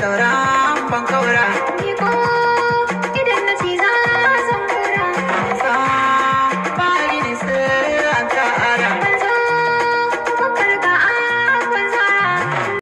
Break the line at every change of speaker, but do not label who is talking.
saura ban kaura.